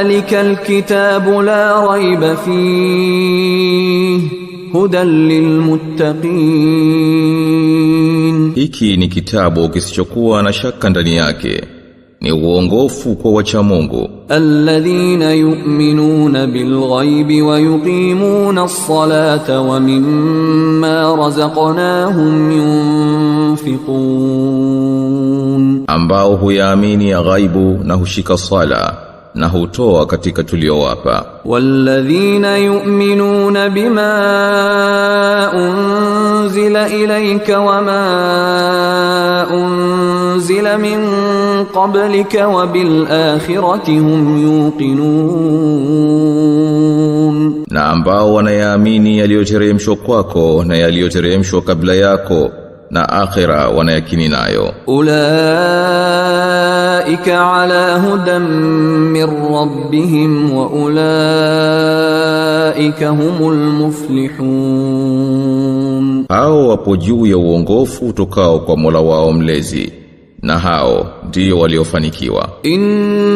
ذَلِكَ الْكِتَابُ لَا رَيْبَ فِيهِ هُدًى لِلْمُتَّقِينَ hiki ni kitabu kisichokuwa na shaka ndani yake ni uongofu kwa wacha Mungu. Alladhina yu'minuna bilghaibi wa yuqimuna as-salata wa mimma razaqnahum yunfiqun, ambao huyaamini ya ghaibu na hushika sala na hutoa katika tuliowapa. Walladhina yu'minuna bima unzila ilayka wama unzila min qablika wa bil akhirati hum yuqinun, na ambao wanayaamini yaliyoteremshwa kwako na yaliyoteremshwa kabla yako na akhira wanayakini nayo ulaika ala hudan min rabbihim wa ulaika humul muflihun hao wapo juu ya uongofu utokao kwa Mola wao mlezi na hao ndio waliofanikiwa In...